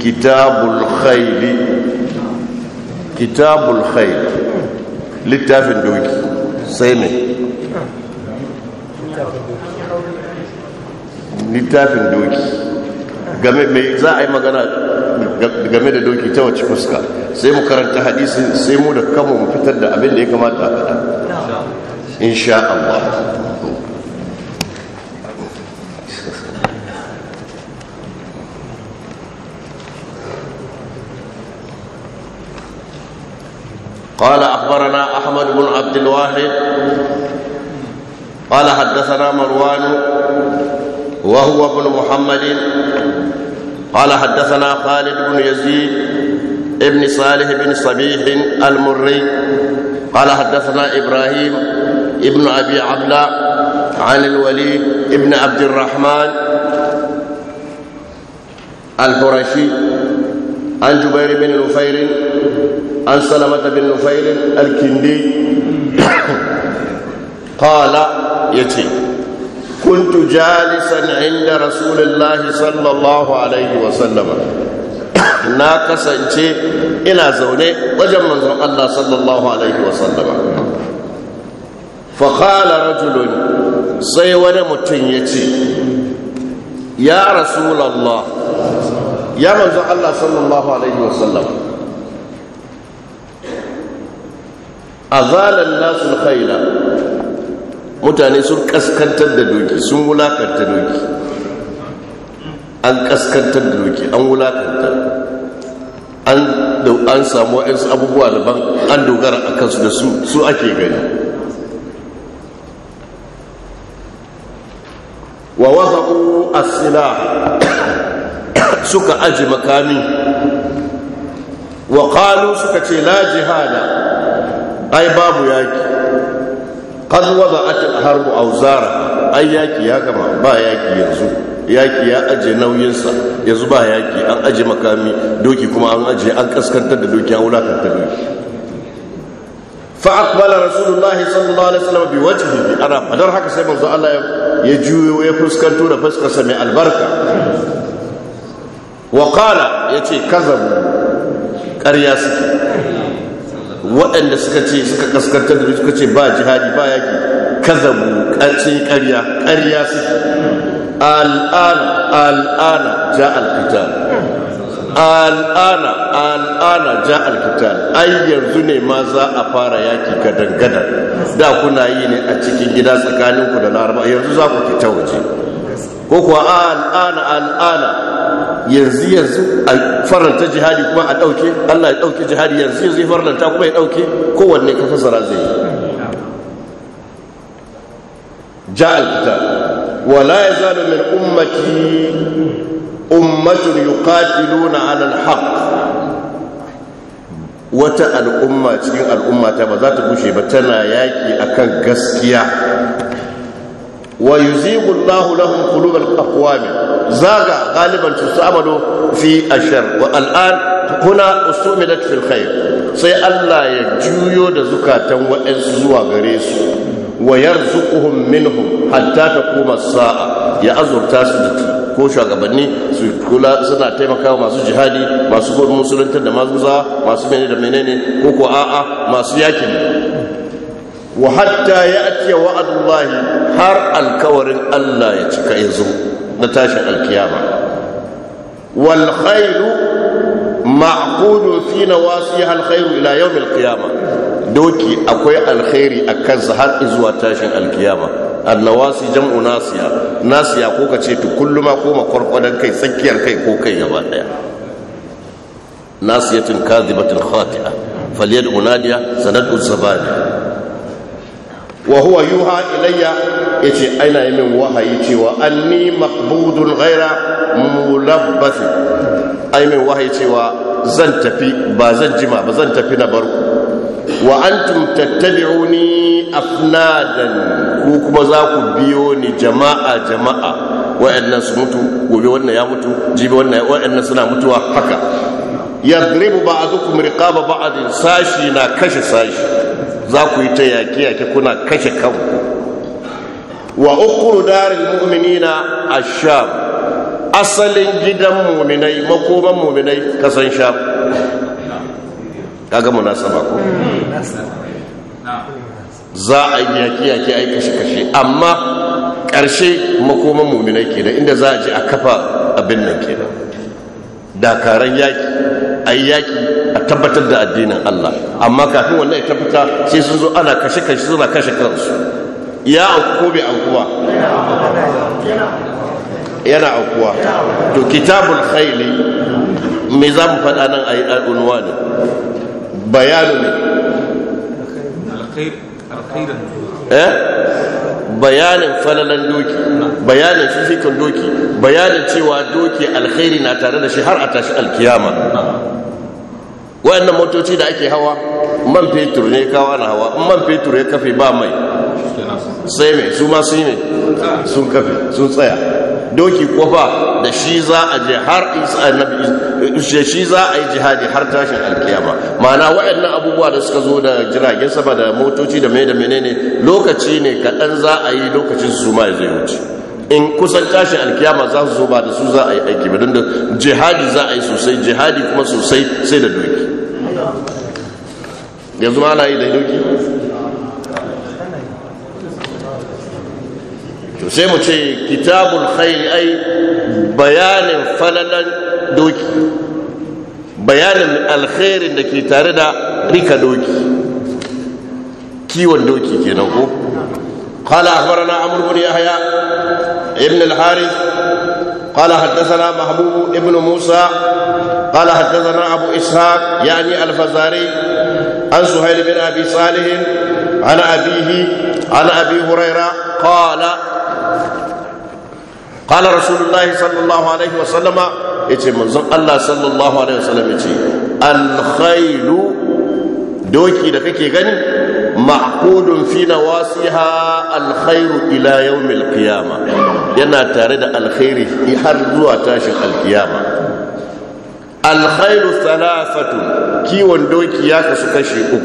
kitabul khayli kitabul khayli littafin doki sai ne littafin doki game mai za a yi magana game da doki ta wace fuska sai mu karanta hadisi sai mu da kama mu fitar da abin da ya kamata a faɗa insha Allah قال أخبرنا أحمد بن عبد الواحد قال حدثنا مروان وهو ابن محمد قال حدثنا خالد بن يزيد ابن صالح بن صبيح المري قال حدثنا إبراهيم ابن أبي عبلة عن الوليد ابن عبد الرحمن الحرشي عن جبير بن نفير عن سلمة بن نفير الكندي قال يتي كنت جالسا عند رسول الله صلى الله عليه وسلم na kasance ina zaune wajen manzon Allah sallallahu alaihi wasallama faƙala rajulun sai wani mutum ya ce ya rasulallah ya manzon Allah sallallahu alaihi wasallam azala an-nasu al-khayla mutane sun kaskantar da doki sun wulakanta doki an kaskantar da doki an wulakanta an samu wa'insu abubuwa daban an dogara a kansu da su su ake gani wa wazaku asila suka aji makami wa suka ce la jihada ai babu yaki qad wada'at harbu auzara ai yaki ya gama ba yaki yanzu yaki ya aje nauyinsa yanzu ba yaki an aje makami doki kuma an aje an kaskantar da doki an da doki fa aqbala rasulullahi sallallahu alaihi wasallam bi bi ana fadar haka sai manzo Allah ya juyo ya fuskanto da fuskarsa mai albarka waƙala ya ce kazabu ƙarya suke waɗanda suka ce suka kaskantar da suka ce ba jihadi ba yaki kazabu ƙarci ƙarya ƙarya suke al'ana al'ana ja alkita. al'ana al'ana ja alkita. ai yanzu ne ma za a fara yaki gadan da kuna yi ne a cikin gida tsakaninku da laraba yanzu za ku fita waje ko kuwa al'ana al'ana yanzu yanzu a faranta jihadi kuma a ɗauke allah ya ɗauke jihadi yanzu yanzu ya faranta kuma ya ɗauke kowanne ka fasara zai ja alkita wala ya zalo min ummati ummatun yuqatiluna ala alhaq wata al'umma cikin al'ummata ba za ta bushe ba tana yaƙi akan gaskiya wa yuzigu Allahu lahum qulubal aqwam zaga galiban tusamalu fi ashar wa al'an kuna usumidat fil sai Allah ya juyo da zukatan wa'ansu zuwa gare su wa yarzuquhum minhum hatta ta as-sa'a ya azurta su da ko shugabanni su kula suna taimakawa masu jihadi masu musulunta da mazuza. masu menene da menene ko ko a'a masu yakin wa hatta ya'ti wa'adullahi har alkawarin Allah ya cika yazo na tashin alkiyama wal khairu ma'qudu fi nawasiha al khairu ila yau al doki akwai alkhairi akan kansa har zuwa tashin alkiyama annawasi jam'u nasiya nasiya ko ce to kulluma ko makwarkwadan kai tsakiyar kai ko kai gaba daya nasiyatin kadhibatin khati'a falyad'u nadiya sanad'u zabaniya wa huwa yuha ilayya yace aina yi min wahayi cewa anni maqbudul ghaira mulabbas ai min wahayi cewa zan tafi ba zan jima ba zan tafi na barku wa antum tattabi'uni afnadan ku kuma za ku biyo ni jama'a jama'a wa'annan su mutu gobe wannan ya mutu jibi wannan wa'annan suna mutuwa haka yadribu ba'dukum riqaba ba'd sashi na kashe sashi za ku yi ta yaƙi-yaƙi kuna kashe kanku wa ukuru darin mu'minina a sham asalin gidan muminai makoman muminai kasan sham kaga munasaba ko za a yi yaƙi-yaƙi a yi kashe-kashe amma ƙarshe makoman muminai kenan inda za a ji a kafa abin nan kenan dakaran yaƙi a a tabbatar da addinin Allah amma kafin wannan ya tabbata sai sun zo ana kashe kashe suna kashe kansu ya auku ko bai aukuwa yana aukuwa to kitabul khayli me za mu faɗa nan a yi al'unwa ne bayanu ne eh bayanin falalan doki bayanin fifikan doki bayanin cewa doki alkhairi na tare da shi har a tashi alkiyama wayannan motoci da ake hawa man fetur ne kawa na hawa man fetur ya kafe ba mai sai mai su ma yi ne sun kafe sun tsaya doki kofa da shi za a je har shi za a yi jihadi har tashin alkiyama ma'ana waɗannan abubuwa da suka zo da jiragen sama da motoci da mai da menene lokaci ne kaɗan za a yi lokacin su ma zai wuce in kusan tashin alkiyama za su zo ba da su za a yi aiki ba don da jihadi za a yi sosai jihadi kuma sosai sai da doki yanzu ma ana yi da doki to sai mu ce kitabul khairi ai bayanin falalan doki bayanin alkhairin da ke tare da rika doki kiwon doki kenan ko قال اخبرنا عمرو بن يحيى ابن الحارث قال حدثنا محبوب ابن موسى قال حدثنا ابو اسحاق يعني الفزاري عن سهيل بن ابي صالح عن ابيه عن ابي هريره قال qala rasulullahi sallallahu alaihi wa sallama, wasallam yace manzon Allah sallallahu alaihi wasallam yace ce. khailu doki da kake gani ma'qudun fi nawasiha al khairu ila yawm al qiyama yana tare da al khairi har zuwa tashin al qiyama al khairu thalathatu kiwon doki ya kasu kashi uku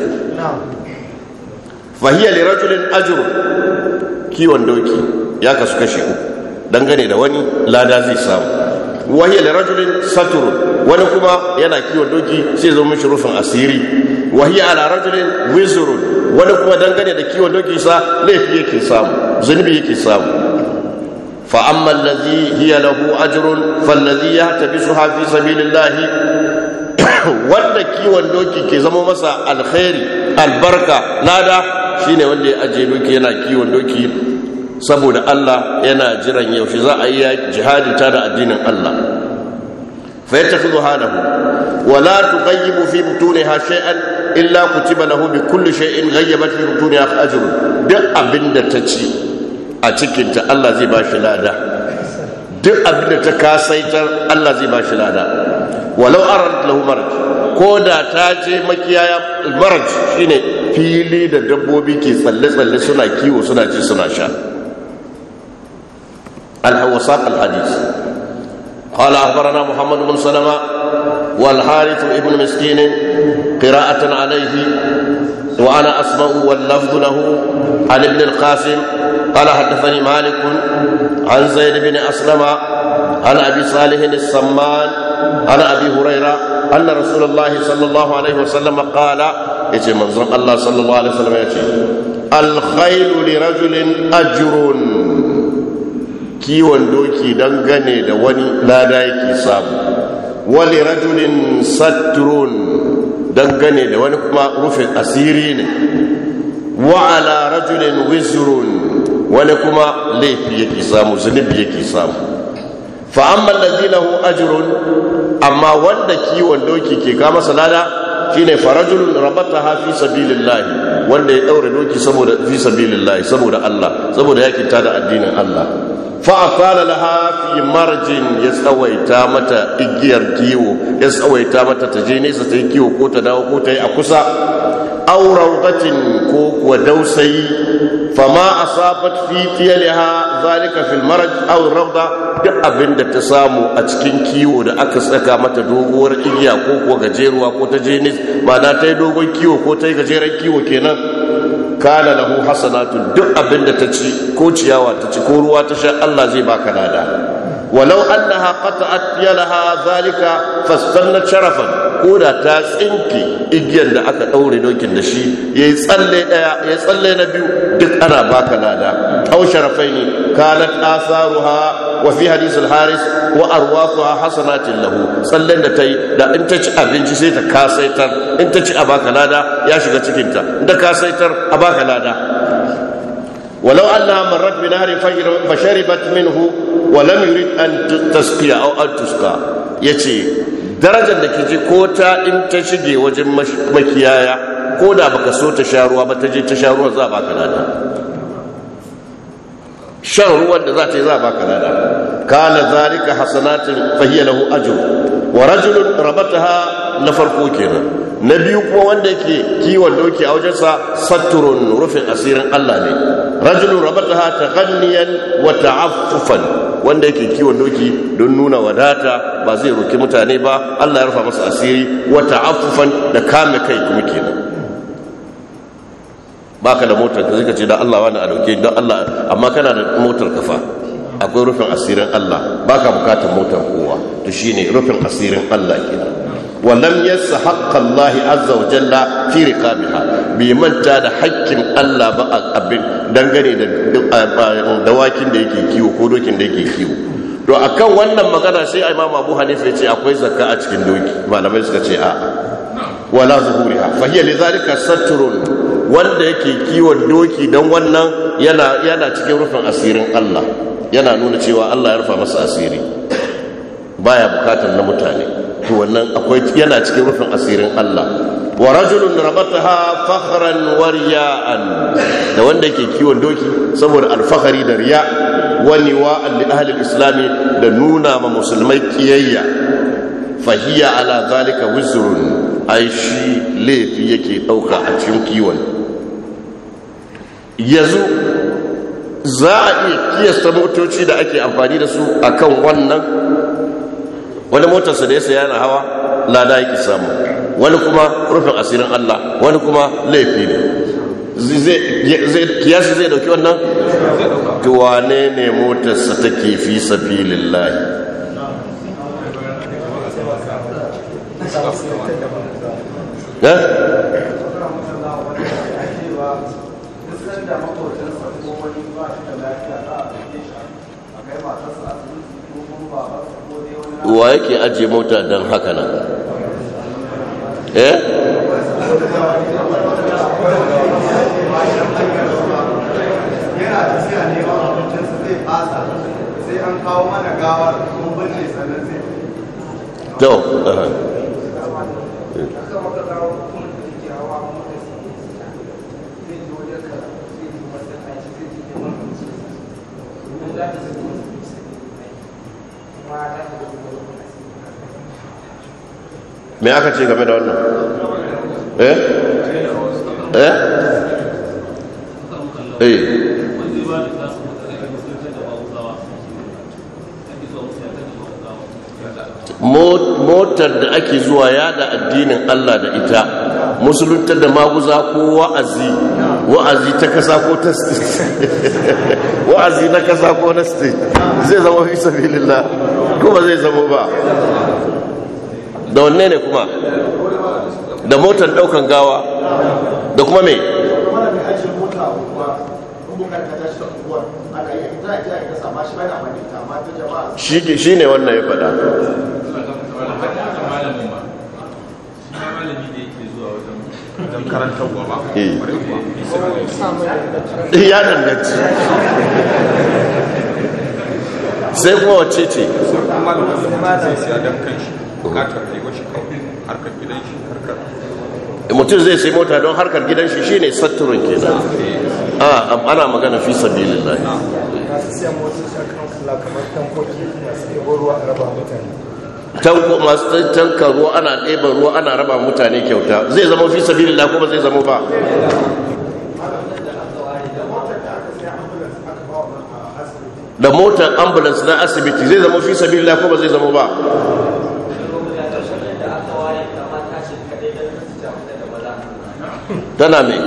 fahiya li rajulin kiwon doki ya kasu kashi uku dangane da wani lada zai samu wahiyar da rajulin saturu wani kuma yana kiwon doki sai zo mishi rufin asiri wahiyar ala rajulin wizurun wani kuma dangane da kiwon doki sa laifi yake samu zunubi yake samu فأما الذي هي له أجر فالذي يحتبسها su Hafi الله wanda kiwon doki ke zama masa alkhairi albarka lada shine wanda ya ajiye doki yana kiwon doki saboda Allah yana jiran yaushe za a yi jihadi ta da addinin Allah fa yattakhidhu halahu wa la tughayyibu fi ha shay'an illa kutiba lahu bi kulli shay'in ghayyabat fi butuniha ajrun duk abinda ta ci a cikin ta Allah zai ba shi lada duk abinda ta kasaitar Allah zai ba shi lada walau arad lahu marj ko da ta je makiyaya marj shine fili da dabbobi ke tsalle-tsalle suna kiwo suna ci suna sha وساق الحديث قال أخبرنا محمد بن سلمة والحارث ابن مسكين قراءة عليه وأنا أسمع واللفظ له عن ابن القاسم قال حدثني مالك عن زيد بن أسلم عن أبي صالح السمان عن أبي هريرة أن رسول الله صلى الله عليه وسلم قال يجي منظم الله صلى الله عليه وسلم يجي الخيل لرجل أجر kiwon doki don gane da wani lada yake samu wali rajulin saturun don gane da wani kuma rufin asiri ne wa'ala rajulin wizirun wani kuma laifi yake samu zunubi yake samu fa'amman lahu ajirun amma wanda kiwon doki ke kama salada shi ne farajulun rabata ha fi sabilillahi wanda ya ɗaure doki saboda fi sabilillahi saboda Allah saboda yakin da addinin Allah fa'afala laha hafi marjin ya tsawaita mata igiyar kiwo ya tsawaita mata ta je nesa ta yi kiwo ko ta dawo ko ta yi a kusa auraugatin ko kuwa dausayi fama asabat fi ha zalika fil marar aw rawda duk da ta samu a cikin kiwo da aka saka mata doguwar igiya ko kuwa gajeruwa ko ta je nesa ba na ta yi dogon kiwo ko ta yi gajeren kiwo kenan kana lahu hasanatu duk abinda ta ci ko ciyawa ta ci ko ruwa ta sha Allah zai baka lada walau annaha qata'at yalaha zalika na sharafan ko da ta tsinke igiyar da aka ɗaure dokin da shi yayi tsalle daya yayi tsalle na biyu duk ana baka lada aw sharafaini kanat asaruha وفي حديث الحارث وارواقها حسنات له sallan da tai da in ta ci abinci sai ta kasaitar in ta ci a baka lada ya shiga cikinta in ta kasaitar a baka lada ولو أنها مرت بنهر فشربت منه ولم يريد أن تسقي أو أن تسقى يتي درجة لكي كوتا إن تشجي وجم مكيايا كودا بكسو تشاروا بتجي تشاروا زابا كنادا شر هو ذات زابا كنادا كان ذلك حسنات فهي له أجر ورجل ربطها نفرقوكينا na biyu kuma wanda ke kiwon doki a wajensa satturun rufin asirin Allah ne rajulun ta taghanniyan wa ta'affufan wanda yake kiwon doki don nuna wadata ba zai roki mutane ba Allah ya rufa masa asiri wa ta'affufan da kame kai kuma kenan baka da motar ka zai ce da Allah wani a dauke don Allah amma kana da motar kafa akwai rufin asirin Allah baka bukatar motar kowa to shine rufin asirin Allah kenan ولم ينس حق الله عز وجل في رقابها manta da haƙƙin Allah ba a abin dangane da dawakin da yake kiwo ko dokin da yake kiwo to akan wannan magana sai Imam Abu Hanifa ce akwai zakka a cikin doki malamai suka ce a wala zuhuriha fa hiya lidhalika satrun wanda yake kiwon doki dan wannan yana yana cikin rufin asirin Allah yana nuna cewa Allah ya rufa masa asiri baya bukatar na mutane to wannan akwai yana cikin rufin asirin Allah wa rajulun rabataha fakhran wa riya'an da wanda yake kiwon doki saboda alfahari da riya wa li ahli islami da nuna ma musulmai kiyayya fahiya ala zalika wuzrun ai shi laifi yake dauka a cikin kiwon yanzu za a iya kiyasta motoci da ake amfani da su akan wannan wani motarsa da ya saya na hawa lada yake samu wani kuma rufin asirin Allah wani kuma laifi ne kiyasi zai dauki wannan to wane ne motarsa take fi sabilillahi eh wa yake ajiye mota don haka nan eh? to Thank you. Eh. me aka ce game da wannan eh eh eh motar da ake zuwa da addinin Allah da ita musuluntar da maguza ko wa'azi wa'azi ta kasa ko ta state wa'azi na kasa ko na state zai zama fi sabilillah ko ba zai zamo ba da wanne ne kuma da motar daukan gawa da kuma me shi ne wannan ya fada eh. ya danganci sai kuma wace ce mutum zai sai mota don harkar gidan shi shine satturin kenan a ana magana fi sabilillah tanko masu tankan ruwa ana ɗeban ruwa ana raba mutane kyauta zai zama fi sabi lillahi kuma zai zama ba da motar ambulance na asibiti zai zama fi sabi ko ba zai zama ba tana mai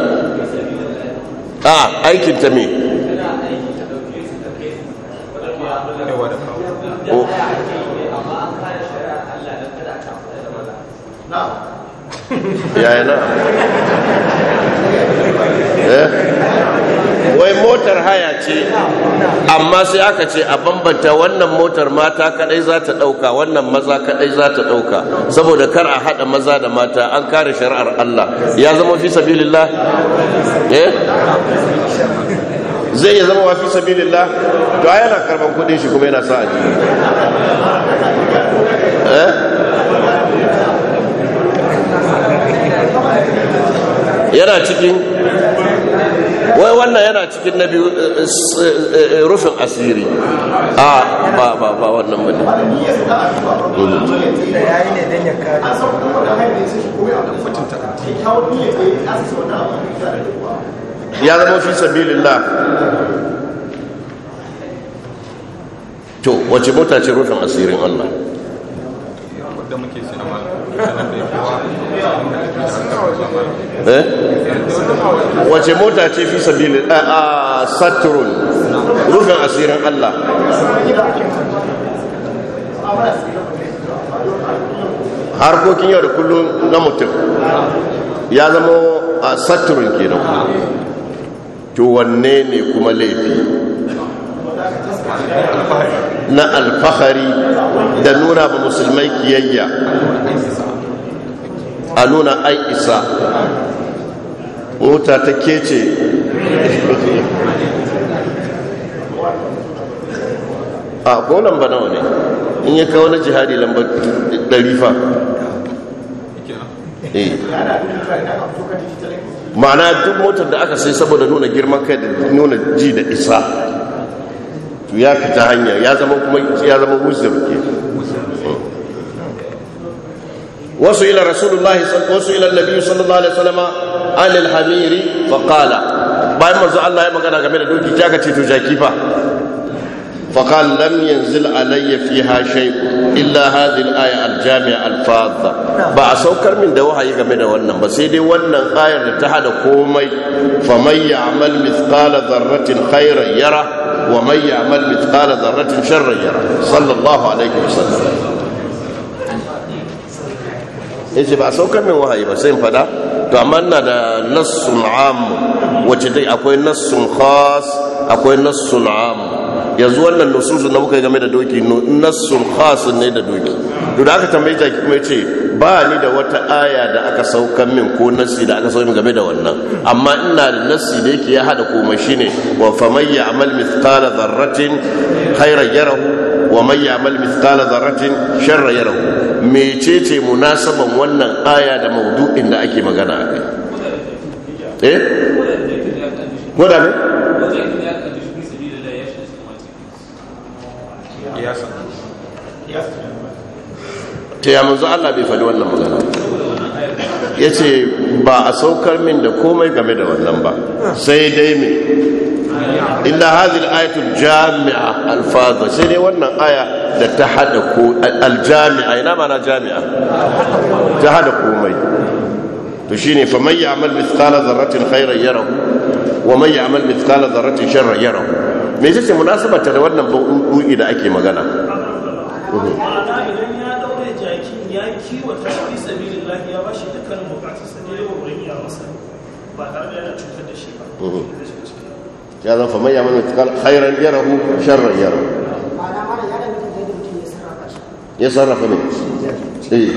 a aikin aikinta mai oh. yaya na eh? wai motar haya ce amma sai aka ce a bambanta wannan motar mata kadai za ta dauka wannan maza kadai za ta dauka saboda kar a hada maza da mata an kare shari'ar Allah ya zama fi sabilillah eh zai iya zama wafi sabilillah to ai yana karban kudin shi kuma yana sa aji eh yana cikin wai wannan yana cikin na biyu eh, eh, eh, rufin asiri a ba ba ba wannan bane ya zama fi sabilillah to wace mota ce rufin asirin Allah da muke sai amma eh? wace mota ce fi sabili a saturn rufin asirin Allah harkokin yau da kullum na mutum ya zama a saturn kenan to wanne ne kuma laifi na alfahari da nuna ba musulmai kiyayya a nuna ai isa wuta ta kece a ko lamba nawa ne in yi kawo na jihadi lamba ɗarifa eh. ma'ana duk motar da aka sai saboda nuna girman kai da nuna ji da isa to ya fita hanya ya zama kuma ya zama muslim ke wasu ila rasulullahi wasu ila nabi sallallahu alaihi wasallam anil hamiri fa qala bayan manzo Allah ya magana game da doki ta ka ce to jaki fa fa qala lam yanzil alayya fiha shay illa hadhihi al aljami'a al ba a saukar min da wahayi game da wannan ba sai dai wannan ayar da ta hada komai fa may ya'mal mithqala dharratin khayran yara ومن يعمل مثقال ذرة شرا يره صلى الله عليه وسلم ايش ba a saukar min wahayi ba sai fada to amma ina da nassun am wacce dai akwai nassun khas akwai nassun am yanzu wannan nususu na muka yi game da doki nassun khas ne da doki duk da aka tambaye ta kuma ce ba ni da wata aya da aka saukan min ko nasi da aka saukan game da wannan amma ina da nasi da yake ya hada komai shine wa faman ya'mal mithqala dharratin khairan yarahu wa man ya'mal mithqala dharratin sharran yarahu mecece munasaban wannan aya da maudu'in da ake magana a kai eh goda ne ya san ta ya manzo Allah bai faɗi wannan magana ya ce ba a saukar min da komai game da wannan ba sai dai mai illa hazil ayatul jami'a alfaza sai dai wannan aya da ta hada ko aljami'a ina mana jami'a ta hada komai to shine fa man ya'mal mithqala zarratin khairan yaron wa man ya'mal zarratin dharratin sharran mai me ce munasabata da wannan bu'i da ake magana ya kiwata shi sabilin lahi ya bashi dukkanin bukatu sai ya wurin ya masa ba tare da yana cutar da shi ba mhm. ya zan fa manya mana khairan yarahu sharran yarahu ya sarrafa ne eh.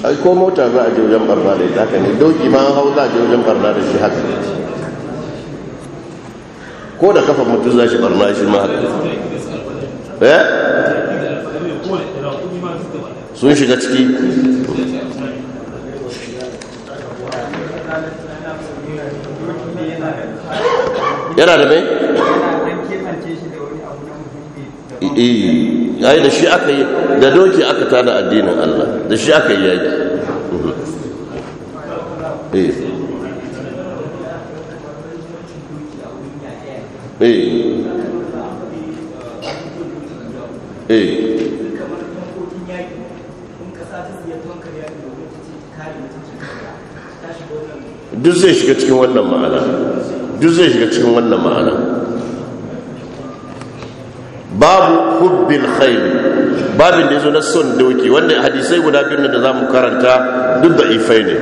a ko mota za a ji wajen barna da ita ka ne dauki ma hau za a ji wajen barna da shi haka ko da kafa mutum za shi barna shi ma haka Eh? sun shiga ciki yana da mai yi da shi aka yi da doki aka tana addinin Allah da shi aka yi eh, eh. duk zai shiga cikin wannan ma'ana duk zai shiga cikin wannan ma'ana babu hubbil khayl babin da yazo na son doki wanda hadisai guda biyu da zamu karanta duk da ifai ne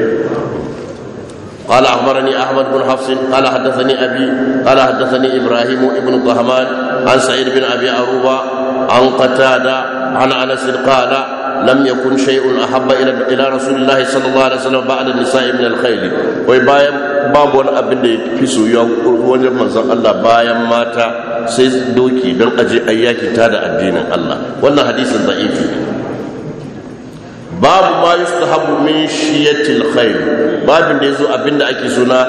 قال اخبرني احمد بن حفص قال حدثني ابي قال حدثني ابراهيم بن طهمان عن سعيد بن ابي عروبه عن قتاده عن انس قال lam yakun shay'un ahabba ila ila rasulillah sallallahu alaihi wasallam ba'da nisa'i min al-khayl wai bayan babu wani abin da yafi soyuwa wajen manzon Allah bayan mata sai doki don aje ayyaki ta da addinin Allah wannan hadisin da'ifi babu ma yustahabu min shiyatil khayl babin da yazo abinda ake suna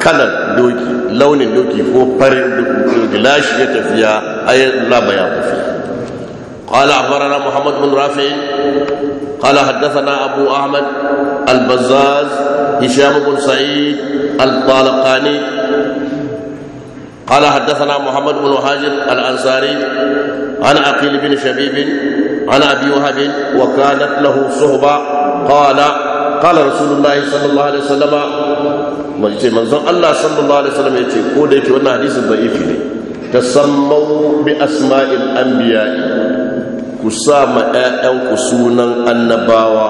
kalar doki launin doki ko farin doki lashi ya tafiya ayyalla baya tafiya قال أخبرنا محمد بن رافع قال حدثنا أبو أحمد البزاز هشام بن سعيد الطالقاني قال حدثنا محمد بن هاجر الأنصاري عن عقيل بن شبيب عن أبي وهب وكانت له صحبة قال قال رسول الله صلى الله عليه وسلم manzon Allah sallallahu alaihi wasallam ya ce ko da yake wannan hadisin da'ifi ne tasammau bi asma'il anbiya'i ku sa ma 'ya'yanku sunan annabawa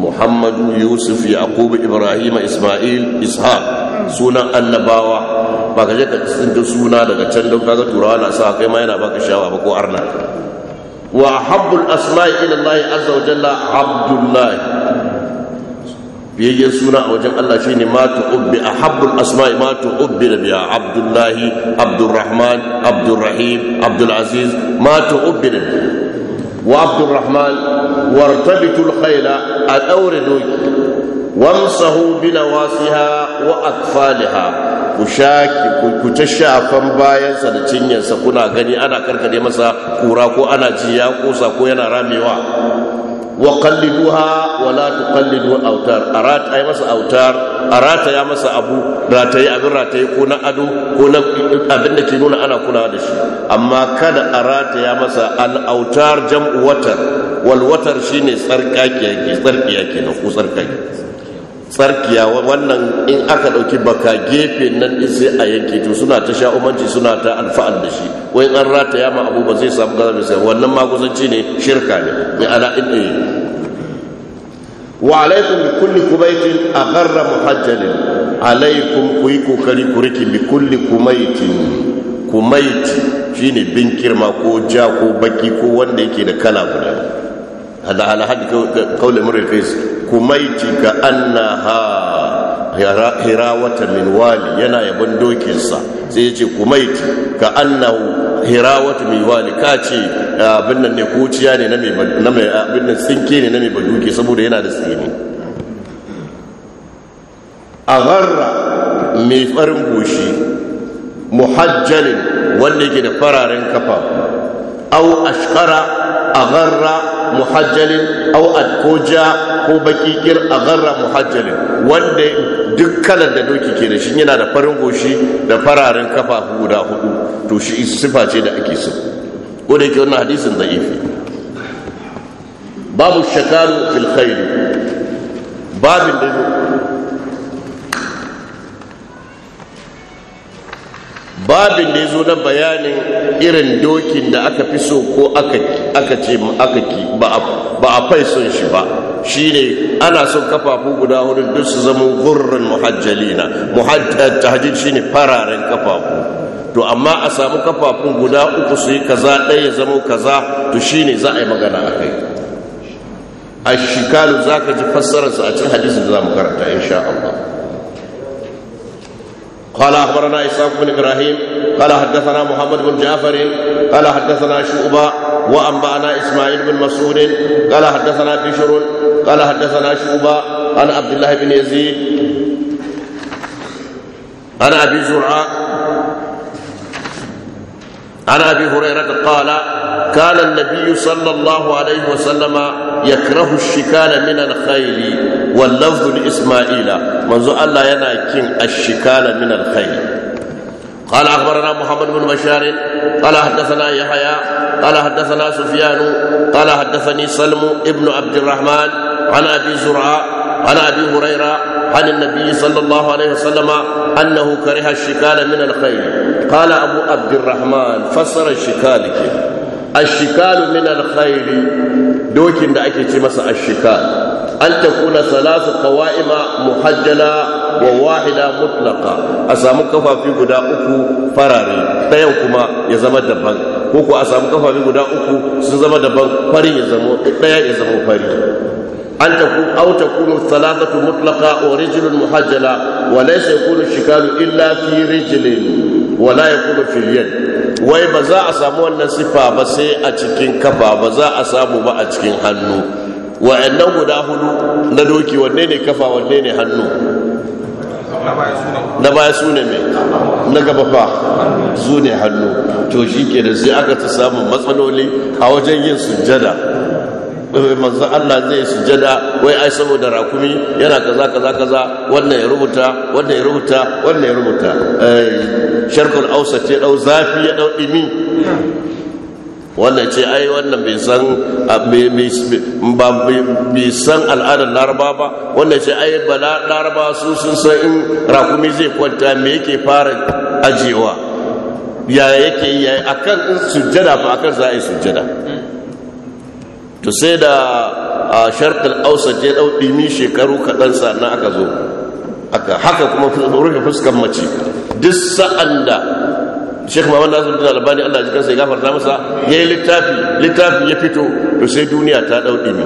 muhammadu yusuf yakubu ibrahim isma'il ishaq sunan annabawa ba ka je ka tsinta suna daga can don kaga turawa na sa kai ma yana baka shawa ba ko arna wa habbul asma'i ila allah azza wa jalla abdullah biyayyen suna a wajen Allah shi shine ma a habbul asma'i ma da biya abdullahi abdurrahman abdurrahim abdulaziz ma da biya وعبد الرحمن وارتبطوا الخيل الأور دوكي وامسحوا بنواسها وأطفالها ku ku ta shafan bayansa da cinyansa kuna gani ana karkade masa kura ko ana jiya ko kosa ko yana ramewa wa kalliduha wa la kallidu autar rata ya masa autar arata ya masa abu rataye abin rataye ko na ado ko na abin da ke nuna ana kula da shi amma kada arata ya masa an autar jam'u watar shi ne shine tsarkake tsarkiya na ko tsarkake tsarkiya wannan in aka ɗauki baka gefe nan din sai a yanke to suna ta sha'umanci suna ta alfa'al da shi wai an rata ya ma abu ba zai samu gaza mai sai wannan maguzanci ne shirka ne mai ana in ɗaya wa alaikum bi kulli kubaitin a muhajjalin alaikum ku yi kokari ku riki bi kulli kumaitin kumait shine bin kirma ko ja ko baki ko wanda yake da kala guda hada hada hada kaulin murar fesa kumaiti ka annaha hirawata min wali yana yabon dokinsa sai ya ce kumaiti ka annahu hirawata min wali ka ce ah, abin nan ne kuciya ne na mai ah, abin nan tsinke ne na mai baduki saboda yana da tsini a garra mai farin goshi muhajjalin wanda yake da fararen kafa au ashkara a garra muhajjalin au ad ko ja ko baki kir a garra muhajjalin wanda duk kalar da doki ke da shi yana da farin goshi da fararen kafafu guda hudu to shi sifa ce da ake so ko da yake wannan hadisin da'ifi babu shakaru fil khairi babin da babin da ya zo na bayanin irin dokin da aka fi so ko aka ce aka ki ba a fai son shi ba shi ne ana son kafafu guda hudu duk su zama gurrin muhajjalina muhajjal shi ne fararen kafafu to amma a samu kafafun guda uku su yi kaza ɗaya ya zama kaza to shi ne za a yi magana a kai a shikalu za ka ji fassararsa a cikin hadisin da za mu karanta insha Allah قال أخبرنا إسحاق بن إبراهيم قال حدثنا محمد بن جعفر قال حدثنا شعبة وأنبأنا إسماعيل بن مسعود قال حدثنا بشر قال حدثنا شعبة عن عبد الله بن يزيد عن أبي زرعة عن أبي هريرة قال كان النبي صلى الله عليه وسلم يكره الشكال من الخيل واللفظ لإسماعيل منذ ألا يناكين الشكال من الخيل قال أخبرنا محمد بن بشار قال حدثنا يحيى قال حدثنا سفيان قال حدثني سلم ابن عبد الرحمن عن أبي زرعة عن أبي هريرة عن النبي صلى الله عليه وسلم أنه كره الشكال من الخيل قال أبو عبد الرحمن فسر الشكال كده ashikalu min alkhairi dokin da ake ce masa ashikal an takuna salasu qawa'ima muhajjala wa wahida mutlaqa a samu kafafi guda uku farare ɗayan kuma ya zama daban ko ko a samu kafafi guda uku sun zama daban farin ya zama daya ya zama fari أن تكون أو mutlaqa wa rijlun muhajjala wa laysa yakunu shikalu illa fi rijlin wala ya kudu filiyar wai ba za a samu wannan sifa ba sai a cikin kafa ba za a samu ba a cikin hannu wa'annan guda hudu na doki wanne ne kafa wanne ne hannu na baya su ne mai na gaba fa su ne hannu to shi ke da sai aka ta samun matsaloli a wajen yin sujjada Eh, manzo Allah zai sujada wai ai saboda rakumi yana kaza kaza kaza wannan ya rubuta wannan ya rubuta wannan ya rubuta eh, sharkul ausat ya dau zafi ya dau dimi wannan ce ai wannan bai san bai san al'adar laraba ba wannan ce ai laraba su sun san in rakumi zai kwanta me yake fara ajewa ya yake yi akan sujada ba akan za a yi sujada. to sai da a sharkar ausar je ɗau ɗimi shekaru kaɗan sannan aka zo haka kuma rufe fuskar mace duk sa'an da shekhu mamman nasu da albani allah jikan sai gafarta masa ya yi littafi littafi ya fito to sai duniya ta ɗau ɗimi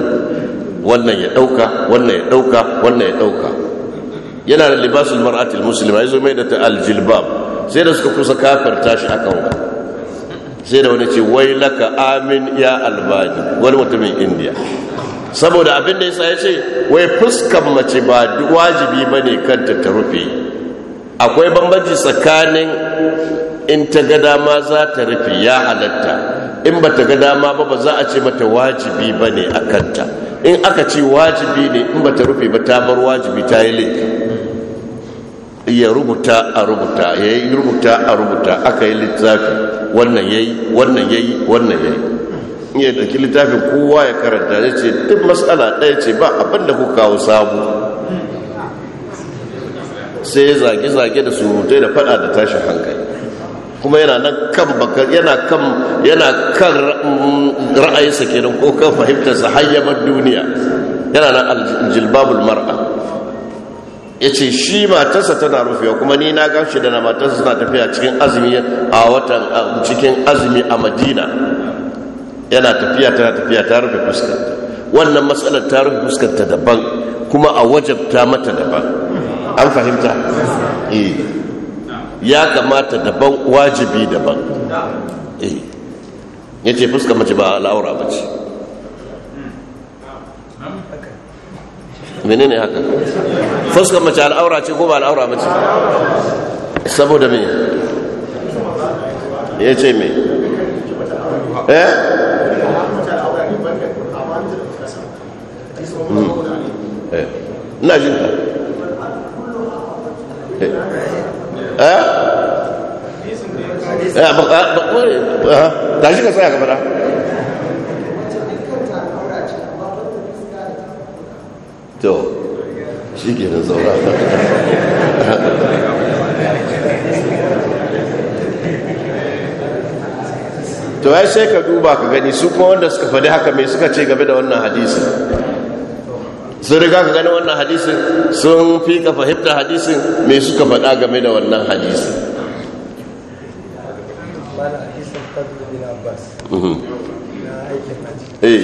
wannan ya ɗauka wannan ya ɗauka wannan ya ɗauka yana da libasul mar'atul muslima yazo mai da ta aljilbab sai da suka kusa kafarta shi akan wani sai da wani ce wai laka amin ya albani wani mutumin indiya saboda abin da yasa ya ce wai fuskan mace ba wajibi ba ne kanta ta rufe akwai bambanci tsakanin in ta ga dama za ta rufe ya halatta in ba ta ga dama ba ba za a ce mata wajibi ba ne a kanta in aka ce wajibi ne in ba ta rufe ba ta bar wajibi ta yi laifi ya rubuta a rubuta ya yi rubuta a rubuta aka yi littafi wannan ya yi wannan ya yi wannan ya yi ya ɗauki littafin kowa ya karanta ya ce duk matsala ɗaya ce ba abinda ku kawo samu sai ya zage-zage da surutai da fada da tashin hankali kuma yana nan kan bakar yana kan yana kan mm, mm, ra'ayinsa kenan ko kan fahimtarsa hayyabar duniya yana nan aljilbabul mar'a ya ce shi matarsa tana rufewa kuma ni na gamshi da na matarsa suna tafiya cikin azumi a watan cikin azumi a madina yana tafiya tana tafiya ta rufe fuskanta wannan matsalar ta rufe fuskanta daban kuma a wajabta mata daban an fahimta eh. ya kamata daban wajibi daban eh. ya ce fuska mace ba al'aura ba ce menene haka fuskar mace al'aura ce ko ba al'aura mace saboda me ya ce me eh ta hmm. eh. ka eh? eh, fara to shi ke da zaura to ya sai ka duba ka gani su kuma wanda suka faɗi haka mai suka ce game da wannan hadisin sun riga ka gani wannan hadisin sun fi ka fahimta hadisin mai suka faɗa game da wannan hadisin mhm. Eh.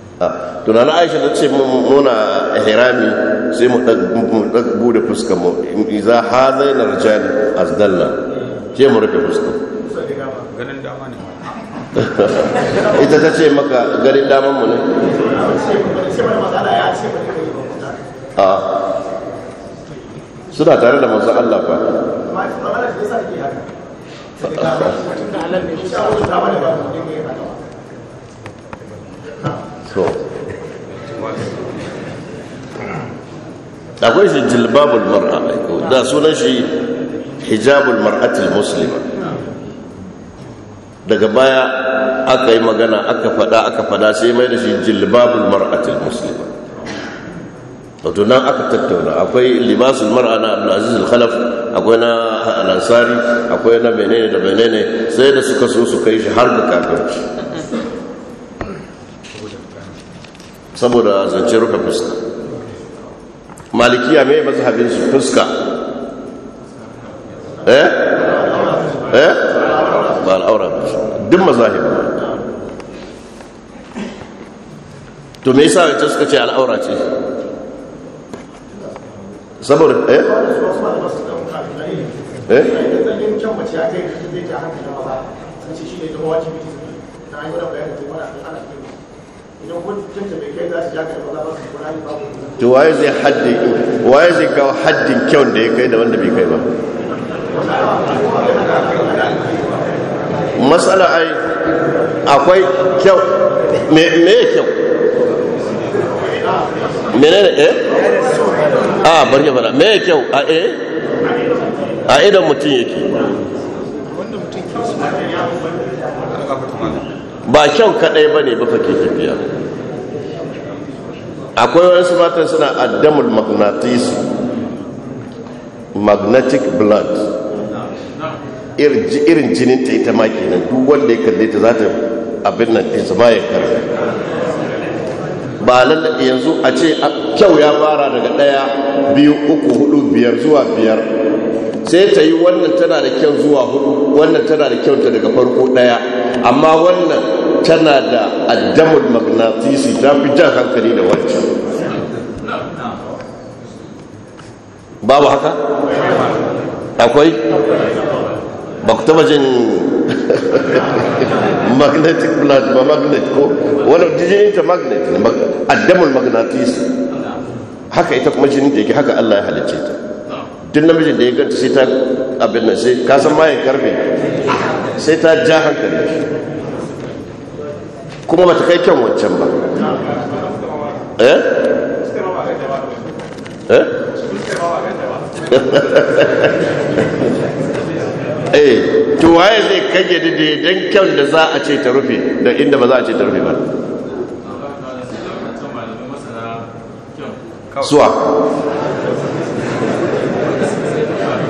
tunan aisha ta ce muna ihrami sai mu ɗagbu da fuskar mu za ha zai na rajan azdalla ce mu rufe fuskar ita ta ce maka garin daman mu ne a suna tare da masu allah ba ba so akwai shi jilbabul mar'a da sunan shi hijabul mar'atul muslima daga baya aka yi magana aka fada aka fada sai mai da shi jilbabul mar'atul muslima wato nan aka tattauna akwai libasul mar'a na abdulaziz al-khalaf akwai na al-ansari akwai na benene da benene sai da suka so su kai shi har da kafirci saboda zance rufe fuska malikiya mai mazhabin su fuska eh eh ba al'aura ba duk ba. to me yasa wace suka ce al'aura ce saboda eh eh ta to waye zai haddi waye zai ga haddin kyau da ya kai da wanda bai kai ba matsala ai akwai kyau me ya kyau menene eh a ah, bar ya fara me ya kyau a eh a idan mutum yake ba kyau kaɗai ba ne ba ke tafiya akwai wasu matan suna addamul magnatisi magnetic blood irin jinin ta ita ma kenan duk wanda ya kalli ta za ta abin nan ta zama ya karfi ba lallaɓe yanzu a ce kyau ya fara daga ɗaya biyu uku hudu biyar zuwa biyar sai ta yi wannan tana da kyau zuwa hudu wannan tana da kyau ta daga farko daya amma wannan tana da addamul magnatisi ta fi jan hankali da wancan babu haka akwai ba jin magnetic blood ba magnet ko wani jini ta magnet addamul magnatisi haka ita kuma jini da yake haka allah ya halicce ta duk namijin da ya ganta sai ta abin nan sai kasan mayan karfe sai ta ja hankali kuma ba ta kai kyan wancan ba eh? Eh? eh to waye zai kage da dan kyan da za a ce ta rufe da inda ba za a ce ta rufe ba suwa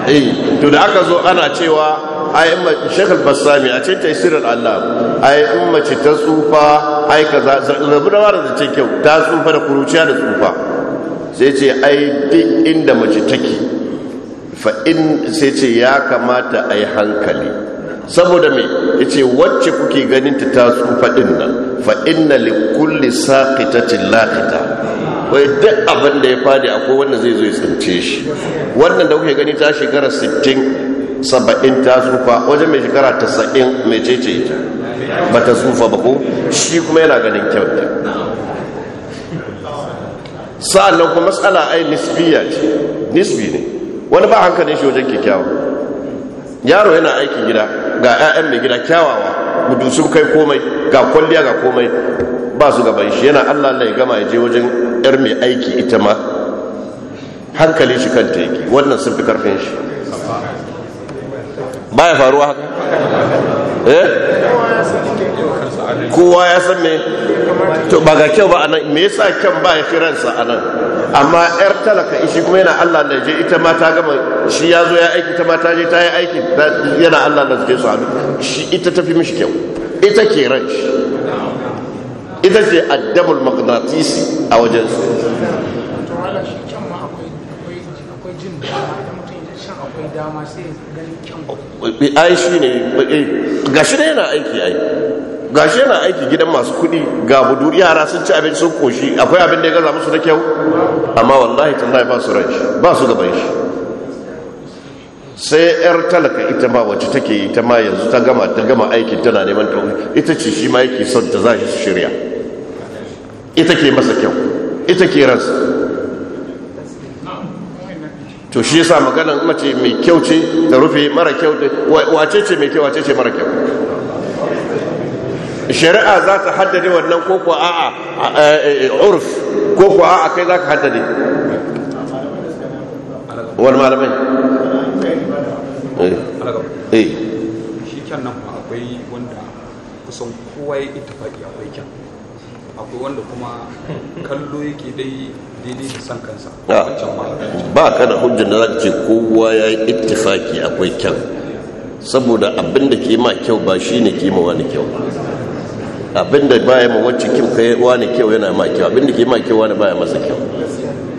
eh to da aka zo ana cewa ai imma shekhul basami a ce taisirar allah ai in mace ta tsufa ai kaza zabi da mara da ce kyau ta tsufa da kuruciya da tsufa sai ce ai duk inda mace take fa in sai ce ya kamata ai hankali saboda me yace wacce kuke ganin ta ta tsufa din nan fa inna likulli saqitatin laqita wai duk abin da ya fadi akwai wannan zai zo ya tsince shi wannan da kuke gani ta shekara 60 saba'in ta tsufa wajen mai shekara 90 mai cece ita ba ta tsufa ba ko shi kuma yana ganin kyauta sa'annan kuma matsala ai nisbiya ce nisbi ne wani ba hankalin shi wajen kyakkyawa yaro yana aikin gida ga 'ya'yan mai gida kyawawa budu sun kai komai ga kwalliya ga komai ba su gaban shi yana allah ya gama ya je wajen yar mai aiki ita ma hankali shi kan teki wannan sun fi karfin shi Ba ya faruwa haka eh kowa ya san me to ba ga kyau ba a nan? me yasa kyan ba ya firansa nan? amma yar talaka ishi kuma yana Allah da je ita ma ta gama shi ya zo ya aiki ta ma ta je ta yi aiki yana Allah da je su shi ita tafi mishi kyau ita ke ran shi ita ce addabul magnatisi a wajen su ai shi ne eh, ga ne yana aiki ai Gashi yana aiki gidan masu kudi ga budu yara sun ci abinci sun koshi akwai abin da ya gaza musu da kyau amma wallahi tallahi ba su ranshi ba su gaban shi sai yar talaka ita ma wacce take ita ma yanzu ta gama ta gama aikin tana neman ta ita ce shi ma yake son ta za shi shirya ita ke masa kyau ita ke ransa to shi yasa maganan mace mai kyau ce da rufe mara kyau wace ce mai kyau wace ce mara kyau shari'a za ta haddade wannan ko a a'a urf ko a a'a kai za ka haddade wani malamai eh, eh. shi kyan nan akwai wanda kusan kowa ya ita faɗi akwai kyan akwai wanda kuma kallo yake dai daidai da san kansa ah, ba ka da hujjar da zaka ce kowa ya yi ittifaki akwai kyau saboda abin da ke ma kyau ba shi ne ke ma wani kyau abin da baya ma wacce kyau yi wani kyau yana ma kyau abin da ke ma kyau wani baya masa kyau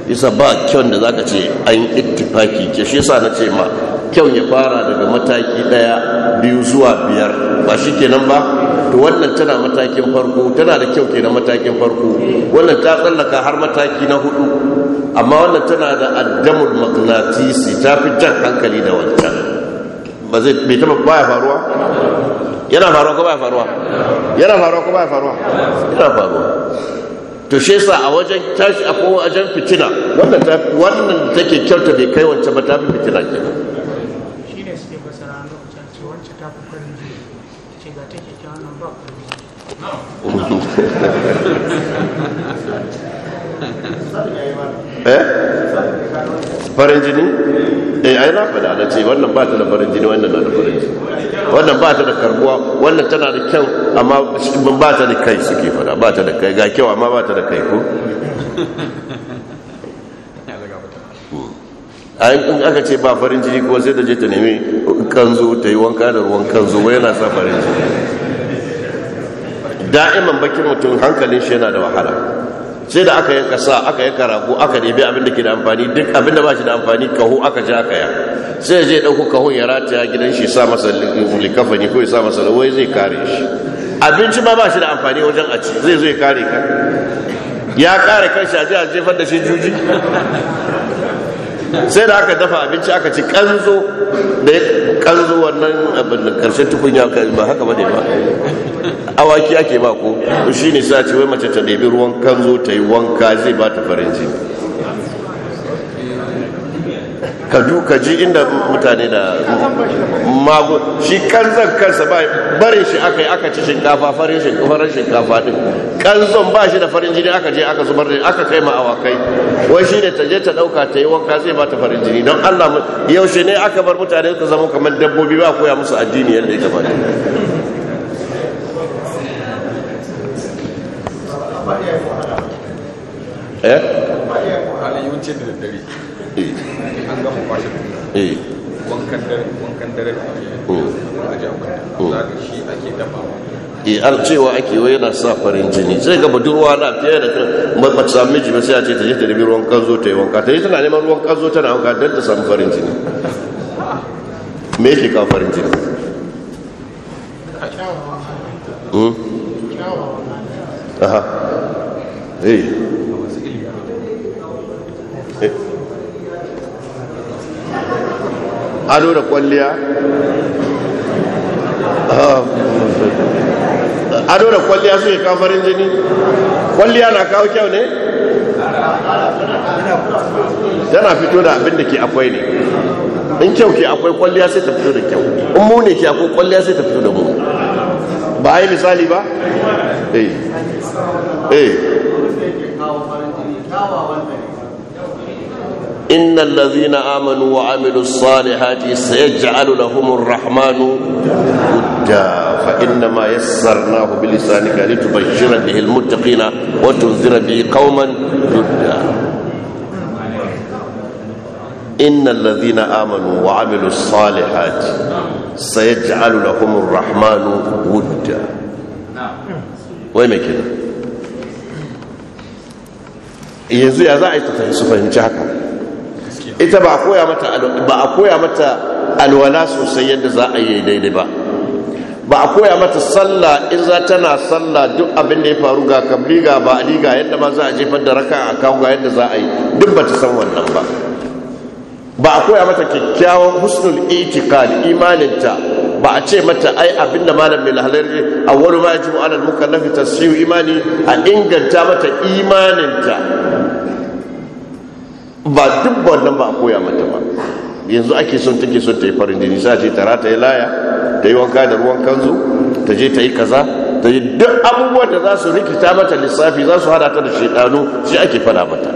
isa ba kyau da ka ce an yi ittifaki ke shi sa na ce ma kyau ya fara daga mataki daya biyu zuwa biyar ba shi kenan ba to wannan tana matakin farko tana da kyau kenan matakin farko wannan ta tsallaka har mataki na hudu amma wannan tana da addamul magnatisi ta fi jan hankali da wancan ba zai bai taba baya faruwa yana faruwa ko baya faruwa yana faruwa ko baya faruwa yana faruwa to shi yasa a wajen tashi a wajen fitina wannan wannan take kyauta bai kai wancan ba ta fi fitina kenan hudu eh farin jini eh ai na faɗa ce wannan ba ta da farin jini wannan na da farin jini wannan ba ta da karbuwa wannan tana da kyau amma ba ta da kai suke faɗa ba ta da kai ga kyau amma ba ta da kai ko hmm. in aka ce ba farin jini ko sai da je ta nemi kanzo ta yi wanka da ruwan kanzo wai yana sa farin jini da'iman bakin mutum hankalin shi yana da wahala sai da aka yanka sa aka yanka rago aka nemi abin da ke da amfani duk abin da ba shi da amfani kaho aka ja aka ya sai zai ɗauko kahon ya rataya gidan shi sa masa likafani ko ya sa masa lawai zai kare shi abinci ma ba shi da amfani wajen a ci zai zai kare ka ya kare kan shi a ji a jefar da shi juji sai da aka dafa abinci aka ci kanzo da kanzo wannan abin karshen tukunya ba haka ba ne ba awaki ake ba ko shi ne sa ce wai mace ta debi ruwan kanzo ta yi wanka zai ba ta farin jini ka duka ji inda mutane da mago shi kanzon kansa ba bare shi aka yi aka ci shinkafa farin shinkafa din kanzon ba shi da farin jini aka je aka zubar da aka kai ma awakai wai shi ne ta je ta dauka ta yi wanka zai ba ta farin jini don allah yaushe ne aka bar mutane suka zama kamar dabbobi ba koya musu addini yadda ya gabata eh yawanci da daddare a oh. eh, cewa ake wai yana sa farin jini zai gaba durwa na fiye da kan ba ta miji ba sai a ce ta je ta nemi ruwan kanzo ta yi wanka ta yi tana neman ruwan kanzo tana wanka don ta samu farin jini me yake farin jini hmm? ado da kwalliya ah. ado da kwalliya suke kafarin jini kwalliya na kawo kyau ne yana fito da abin da ke akwai ne in kyau ke akwai kwalliya sai ta fito da kyau in mu ne ke akwai kwalliya sai ta fito da mu ba a yi misali ba? eh eh إن الذين آمنوا وعملوا الصالحات سيجعل لهم الرحمن ودا فإنما يسرناه بلسانك لتبشر به المتقين وتنذر به قوما ودا إن الذين آمنوا وعملوا الصالحات سيجعل لهم الرحمن ودا وين كده yanzu ya za a yi su fahimci haka ita ba a koya mata ba a koya mata alwala sosai yadda za a yi daidai ba ba a koya mata sallah in za tana sallah duk abin da ya faru ga kabli ga ba ali ga yadda ma za a jefar da raka a kawo ga yadda za a yi duk ba ta san wannan ba ba a koya mata kyakkyawan husnul itikad imaninta ba a ce mata ai abin da malam mai halal a wani ma yajibu ala al mukallafi tasyiu imani a inganta mata imaninta ba duk wannan ba a koya mata ba yanzu ake son take son ta yi farin jini sa ce tara ta yi laya ta yi wanka da ruwan kanzu ta je ta yi kaza ta yi duk abubuwan da za su rikita mata lissafi za su hada ta da shekaru sai ake fada mata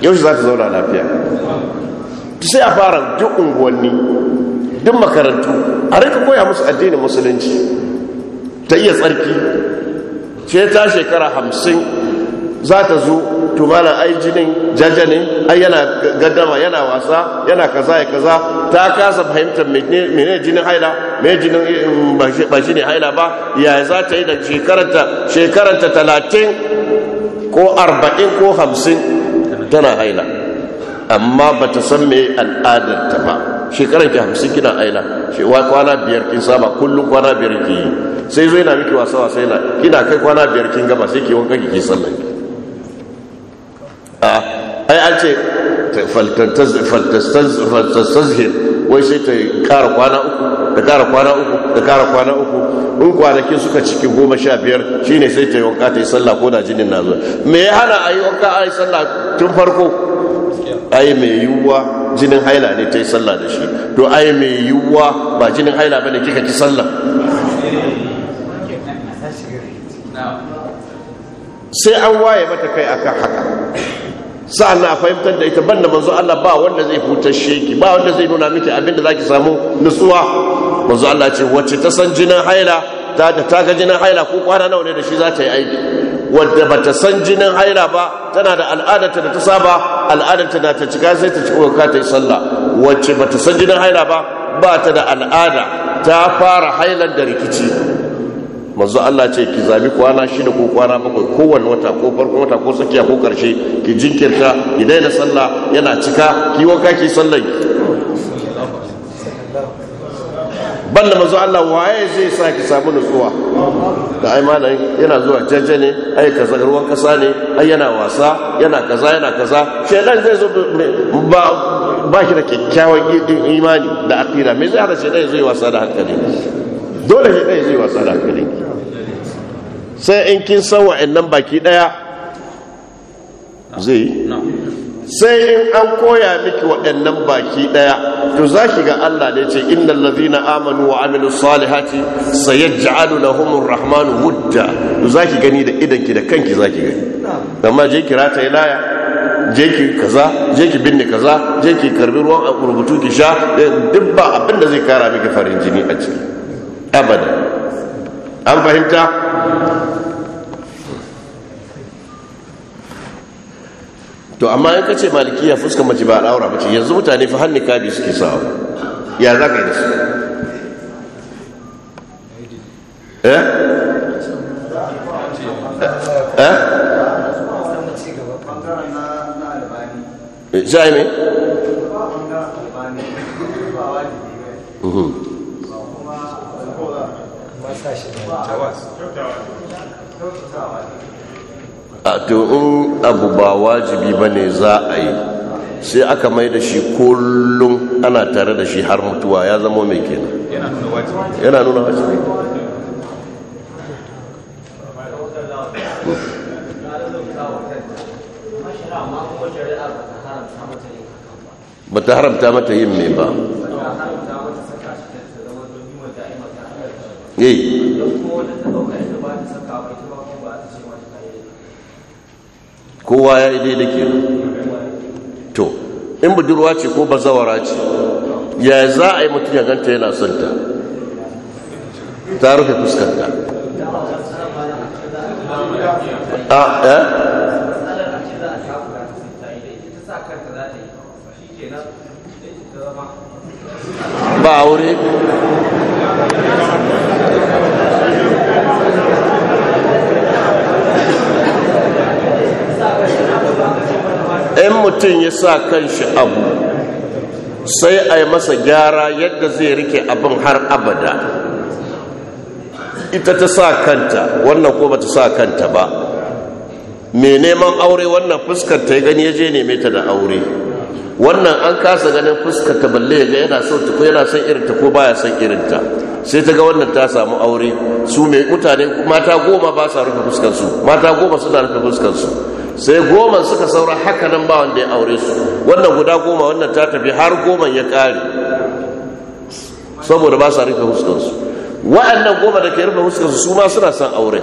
yau za ta zauna lafiya sai a fara duk unguwanni duk makarantu a rika koya musu addinin musulunci ta iya tsarki ce ta shekara hamsin za ta zo to mana ai jinin jaja ne ai yana gaddama yana wasa yana kaza ya kaza ta kasa fahimtar mene jinin haila mene jinin eh, ba shi ne haila ba ya za ta yi da shekaranta shekaranta talatin ko arba'in ko hamsin tana haila amma ba ta san me ta ba shekarar ki hamsin kina haila kwana biyar kin saba kullum kwana biyar ki yi sai zo yana miki wasa wasa yana kina kai kwana biyar kin gaba sai ki wanka ki ki sallan ai an ce faltastazhir wai sai ta kara kwana uku da kara kwana uku da kara kwana uku in kwanakin suka ciki goma sha biyar shi ne sai ta yi wanka ta yi sallah ko da jinin na zuwa me ya hana a yi wanka a yi sallah tun farko ai mai yiwuwa jinin haila ne ta yi sallah da shi to ai mai yiwuwa ba jinin haila ba ne kika ki sallah sai an waye mata kai akan haka sa'an a fahimtar da ita banda manzo Allah ba wanda zai futar sheki ba wanda zai nuna miki abinda zaki samu nutsuwa manzo Allah ce wacce ta san jinin haila ta da ta ga jinin haila ko kwana nawa ne da shi za ta yi aiki wadda ta san jinin haila ba tana da al'adarta da ta saba al'adarta na ta cika sai ta ci ka ta yi sallah wacce ba ta san jinin haila ba ba ta da al'ada ta fara hailar da rikici manzo Allah ce ki zabi kwana shida ko kwana bakwai kowanne wata ko farkon wata ko tsakiya ko karshe ki jinkirta ki daina sallah yana cika ki wanka ki sallah banda manzo Allah waye zai sa ki samu nutsuwa da ai malai yana zuwa jaje ne ai kaza ruwan kasa ne ai yana wasa yana kaza yana kaza shedan zai zo ba ba shi da kyakkyawan imani da akira me zai hada shedan zai wasa da hankali dole shedan zai wasa da hankali sai in kin san wa'annan baki daya zai sai in an koya miki waɗannan baki ɗaya to za ki ga Allah da ya ce lalazi na amanu wa amilu salihati na lahumur rahmanu wudda to za ki gani da idanki da kanki za ki gani amma je ki rata laya, je ki kaza je ki binne kaza je ki karbi ruwan rubutu ki sha eh, dubba abinda zai kara miki farin jini a ciki abada an fahimta to amma yanka ce maliki ya fuskar mace ba al'aura ba ce yanzu mutane fa hannun kabi suke sawa ya zaka yi da su eh? eh? eh yi ne? a to in abu ba wajibi ba ne za a yi sai aka mai da shi kullum ana tare da shi har mutuwa ya zama mai kenan yana nuna wajibi ba ta haramta mata yin mai ba yi kowa ya yi daidai ke to in budurwa ce ko bazawara ce ya za a yi mutum ya ganta yana son ta rufe fuskanta a eh? ba aure in mutum ya sa kanshi abu sai a yi masa gyara yadda zai rike abin har abada ita ta sa kanta wannan ko ba ta sa kanta ba mai neman aure wannan fuskar ta gani ya je neme ta da aure wannan an kasa ganin fuskar ta balle ya ga yana son ta ko yana son irinta ko baya son irinta sai ta ga wannan ta samu aure su mai mutane mata goma ba sa rufe fuskansu. mata goma suna rufe fuskansu. sai goma suka saura haka nan ba wanda ya aure su wannan guda goma wannan ta tafi har goma ya kare saboda ba sa rufe huskansu wa'annan goma da ke rufe huskansu su ma suna son aure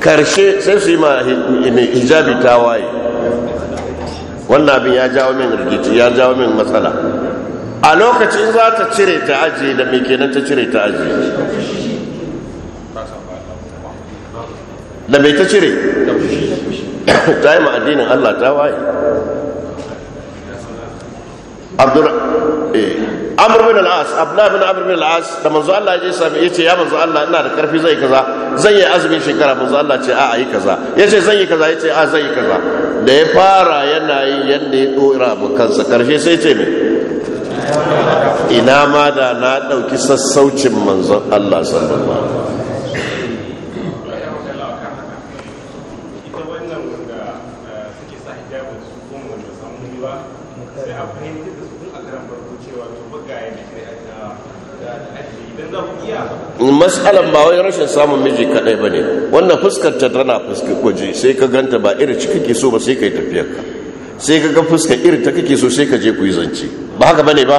karshe sai su yi ma hijabi ta waye wannan abin ya jawo min rigici ya jawo min matsala a lokacin za ta cire ta aji da mai kenan ta cire ta aji da mai ta cire ta yi addinin Allah ta waye amur eh, bin al'as abla bin amur bin al'as da manzo Allah ya sami ya ce ya manzo Allah ina da karfi zai kaza zan yi azumin shekara manzo Allah ce a yi kaza ya ce zan yi kaza ya ce a zan yi kaza da ya fara yana yi yadda ya dora mu kansa karshe sai ce me ina ma da na dauki sassaucin manzon Allah sallallahu alaihi matsalan ba wai rashin samun miji kadai ba ne wannan fuskar ta tana fuskar waje sai ka ganta ba irin ci kake so ba sai ka yi tafiyar ka sai ka ga fuskar irin ta kake so sai ka je ku yi zance ba haka ba ne ba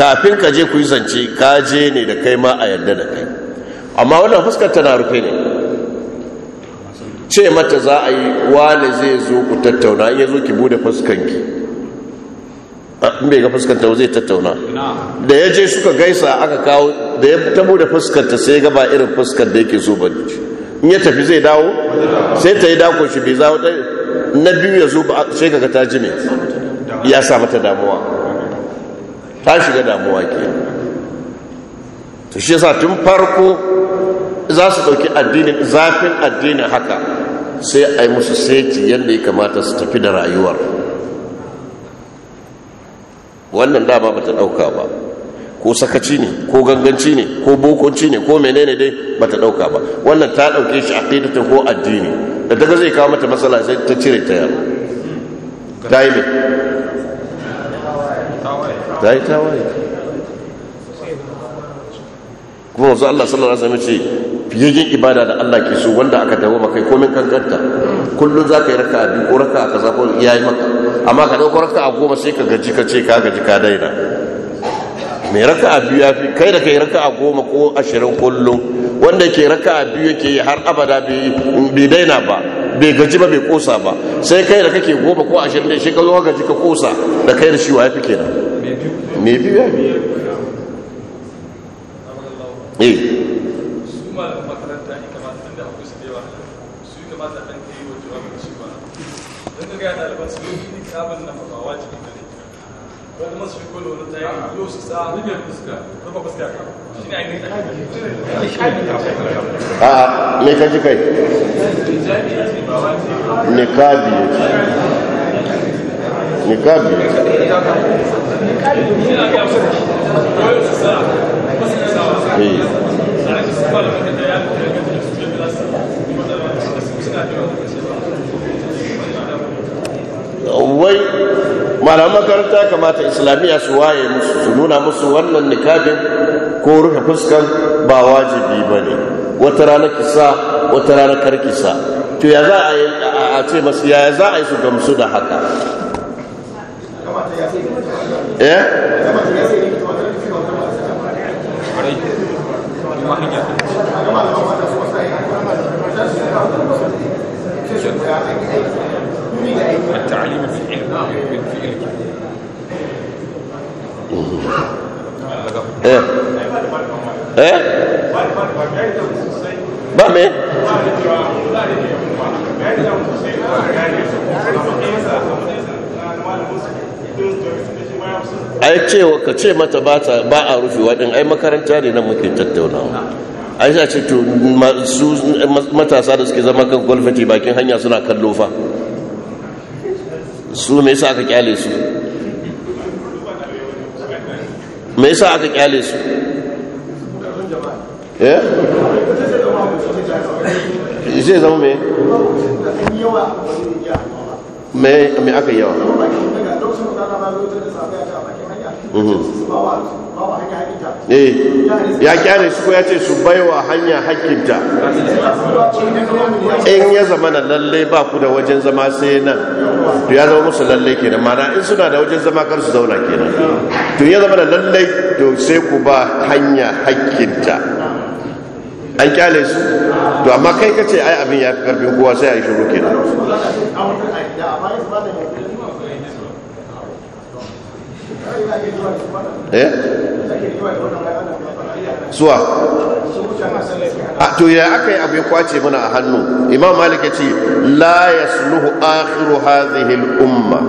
kafin ka je ku yi zance ka je ne da kai ma a yadda da kai amma wannan fuskar tana rufe ne ce mata za a yi wane zai zo ku tattauna in ya zo ki bude fuskanki in bai ga fuskanta zai tattauna da ya je suka gaisa aka kawo da ya tabo da fuskanta sai ga ba irin fuskar da yake so bane in ya tafi zai dawo sai ta yi dako shi bai zawo na biyu ya zo sai kaga ta ne ya sa mata damuwa ta shiga damuwa ke to shi yasa tun farko za su ɗauki addinin zafin addinin haka sai a yi musu seti yadda ya kamata su tafi da rayuwar wannan dama ba ta ɗauka ba ko sakaci ne ko ganganci ne ko bokonci ne ko menene dai ba ta ɗauka ba wannan ta ɗauke shi a ƙidatin ko addini da daga zai kawo mata matsala sai ta cire ta yaro ta yi mai ta yi kuma wasu allah sallallahu alaihi wasallam ce ibada da allah ke so wanda aka dawo makai komin kankanta kullum za ka yi raka biyu ko raka kaza ko ya yi maka amma ka ɗauko raka a goma sai ka gaji ka ce ka gaji ka daina mai raka a biyu ya fi kai da kai raka a goma ko ashirin kullum wanda ke raka a biyu yake har abada bai daina ba bai gaji ba bai kosa ba sai kai da kake goma ko ashirin da shi ka zo gaji ka kosa da kai da shi wa ya fi kenan mai biyu ya fi eh. gaya ɗaliban su yi kitabin nan ba wajibi ba ne ko kuma su shigo da wani tayi yau su sa rufe fuska rufe fuska ka shi ne ainihin a'a me ka ji kai nikabi nikabi nikabi wai malaman makaranta kamata islamiyya su waye musu su nuna musu wannan nikabin ko rufe fuskan ba wajibi ba ne wata rana kisa wata rana karkisa to ya za a yi a ce masu yaya za a yi su gamsu da haka Thank eh? you. التعليم في العلم ايه ايه ba ai cewa ka ce mata ba a rufewa din ai makaranta ne nan muke tattaunawa ai sa ce to matasa da suke zama kan gwalfati bakin hanya suna kallo fa su me yasa aka kyale su me yasa aka kyale su eh zai zama me me aka yawa mhm. Eh, eh ya kyale su ko ya ce su baiwa hanya hakinta in ya zama na lalle ba ku da wajen zama sai nan to ya zama musu lalle kenan mana in suna da wajen zama kar su zauna kenan to ya zama na lalle to sai ku ba hanya hakinta an kyale su to amma kai kace ai abin ya fi karfin kowa sai a yi shuru kenan eh suwa a ah, to ya aka yi abu ya kwace mana a hannu imam malik ya ce la yasluhu akhiru hadhihi al-umma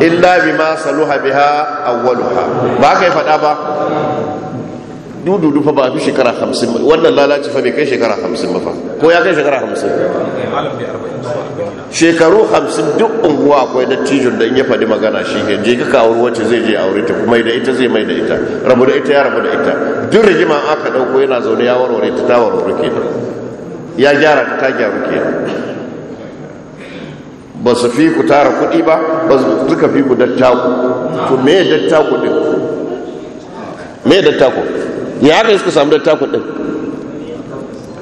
illa bima saluha biha awwaluha ba ka yi fada ba dudu fa ba fi shekara 50 wannan lalaci fa bai kai shekara 50 ba fa ko ya kai shekara hamsin shekaru hamsin duk unguwa akwai dattijon da in ya faɗi magana shi ke je ka kawo wacce zai je aure ta kuma da ita zai mai da ita rabu da ita ya rabu da ita duk rigima aka ɗauko yana zaune ya warware ta ta warware ke ya gyara ta ta gyaru ke ba su fi ku tara kuɗi ba ba su suka fi ku dattaku to me dattaku me dattaku ya aka yi suka samu dattaku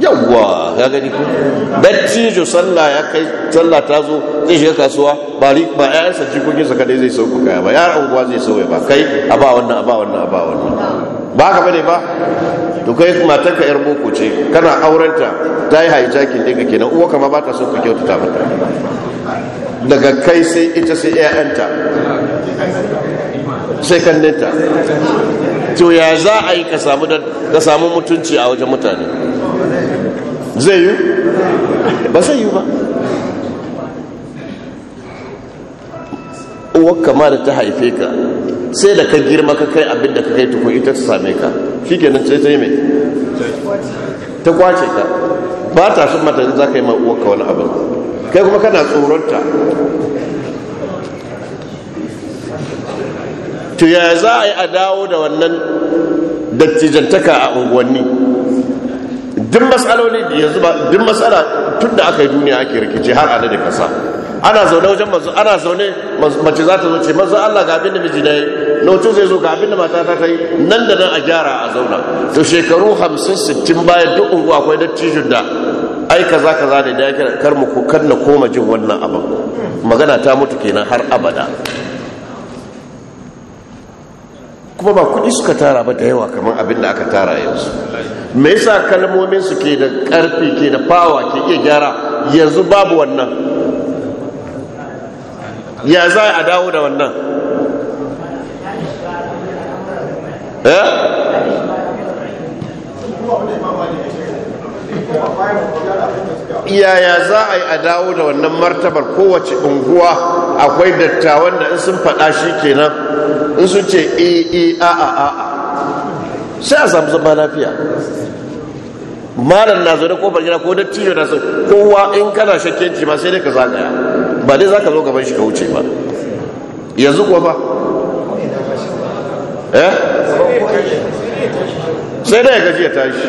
yawwa ya gani ku dattijo sallah ya kai sallah ta zo zai shiga kasuwa ba ba ƴaƴansa saka dai zai sauko kaya ba yar unguwa zai sauya ba kai a ba wannan a ba wannan a ba wannan ba ka bane ba to kai matarka yar boko ce kana aurenta ta yi hijacking ɗinka kenan uwa kama ba ta so ka kyautata mata daga kai sai ita sai ƴaƴanta sai kanneta to ya za a yi ka samu mutunci a wajen mutane zai yi ba zai yi ba uwar kama da ta haife ka sai da ka girma ka kai abin da ka kai tukun ita ta same ka shi nan sai ta yi mai ta kwace ka ba ta sun mata za ka yi ma'uwar ka wani abin kai kuma kana tsoronta to ya za a yi a dawo da wannan dattijantaka a unguwanni din matsaloli da yanzu ba din matsala tun da aka yi duniya ake rikici har ana da kasa ana zaune wajen mazu ana zaune mace za ta zo ce manzo Allah ga abin da miji na yi lokacin zai zo ga abin da mata ta yi nan da nan a gyara a zauna to shekaru 50 60 bayan duk unguwa akwai dattijin da ai kaza kaza da ya kar mu kar na koma jin wannan abin magana ta mutu kenan har abada kuma ba kudi suka tara ba da yawa kamar abin da aka tara yanzu me yasa kalmomin su ke da karfi ke da fawa ke iya gyara yanzu babu wannan ya za a dawo da wannan eh? Iyaya za a yi a dawo da wannan martabar kowace unguwa akwai dattawan da in sun faɗa shi kenan in sun ce e, e a a a sai a samu zama lafiya malam na zo da kofar gina ko dattijo na su kowa in kana shakkenci ma sai dai ka zagaya ba dai za ka zo gaban shi ka wuce ba yanzu kuwa ba eh sai dai ya gaji ya tashi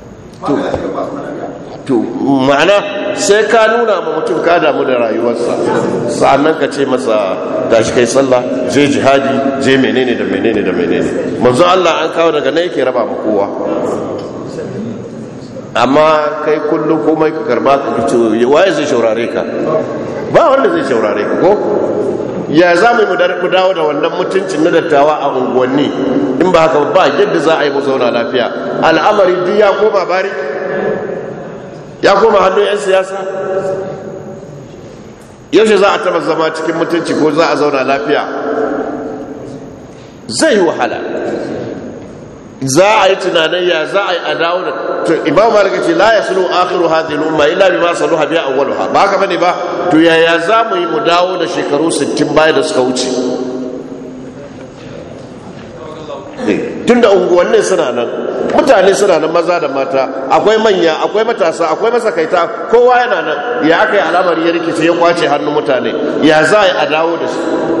to to ma'ana sai ka nuna ma mutum ka damu da rayuwarsa sa'annan ka ce masa shi kai sallah je jihadi je menene da menene da menene manzo Allah an kawo daga nan yake raba ma kowa amma kai kullum komai ka karba ka ce waye zai shaurare ka ba wanda zai shaurare ka ko ya za mu dawo da wannan mutuncin na dattawa a unguwanni in ba haka ba yadda za a yi mu zauna lafiya al'amari duk ya koma bari ya koma hannun 'yan siyasa yaushe za a taba zama cikin mutunci ko za a zauna lafiya zai yi wahala za a yi tunanin ya za a yi a dawo da to imam malik ce la sulu akhiru hadhihi al-umma illa bima saluha bi awwaluha ba ka bane ba to yaya za mu yi mu dawo da shekaru 60 bayan da suka wuce eh, tunda unguwannin suna nan mutane suna nan maza da mata akwai manya akwai matasa akwai masakaita kowa yana nan ya aka yi alamar ya rikice ya kwace hannun mutane ya za a yi a dawo da shi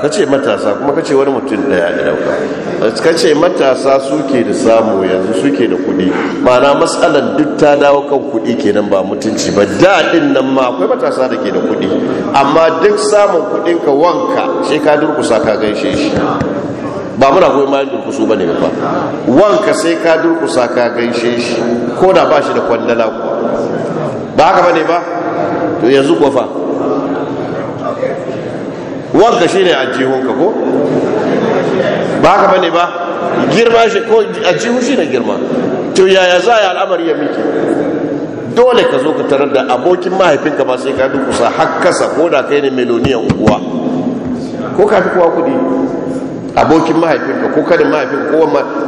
ka ce matasa kuma ka ce wani mutum daya ya dauka ce matasa suke da samu yanzu suke da kudi mana matsalan duk ta dawo kan kudi kenan ba mutunci ba daɗin nan ma akwai matasa da ke da kudi amma duk samun kudin ka wanka sai ka durkusa ka gaishe shi ba muna goyi mayan durkusu ba ne ba wanka sai ka durkusa ka gaishe shi ko da ba shi da kwandala ba haka ba ne ba to yanzu kwafa. wanka shi ne ajihunka ko ba haka bane ba girma shi ko ajihu shi ne girma to yaya za a al'amari ya miki dole ka zo ka tarar da abokin mahaifinka ba sai ka duk kusa hakkasa ko da kai ne meloniyan unguwa ko ka fi kuwa kudi abokin mahaifinka ko kanin mahaifinka ko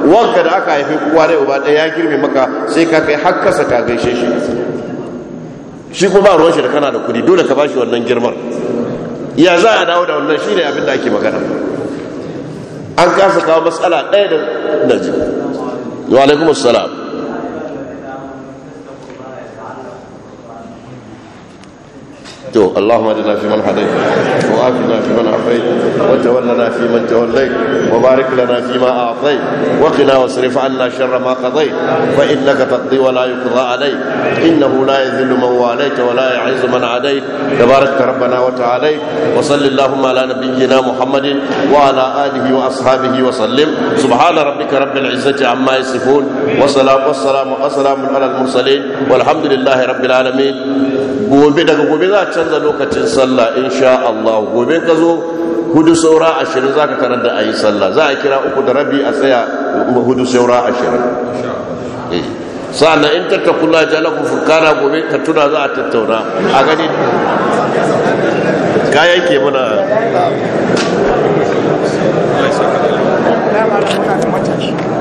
wanka da aka haifi kuwa da uba ɗaya ya girme maka sai ka kai hakkasa ka gaishe shi shi kuma ruwan shi da kana da kudi dole ka ba shi wannan girmar ya za a dawo da wannan shine abin da ake magana an kasa kawo matsala ɗaya da naji wa to allahumma hadina fi man hadait wa afina 'ala nabiyyina muhammadin wa 'ala alihi wa ashabihi wa sallim subhana rabbika rabbil 'izzati 'amma yasifun daga gobe za canza lokacin sallah insha Allah gobe ka zo hudu saura ashirin za ka tarar da a yi sallah za a kira uku da rabi a tsaya hudu saura ashirin eh. saana in tattakula jalaku furkana gobe ka tuna za a tattauna a gani kayan ke muna Thank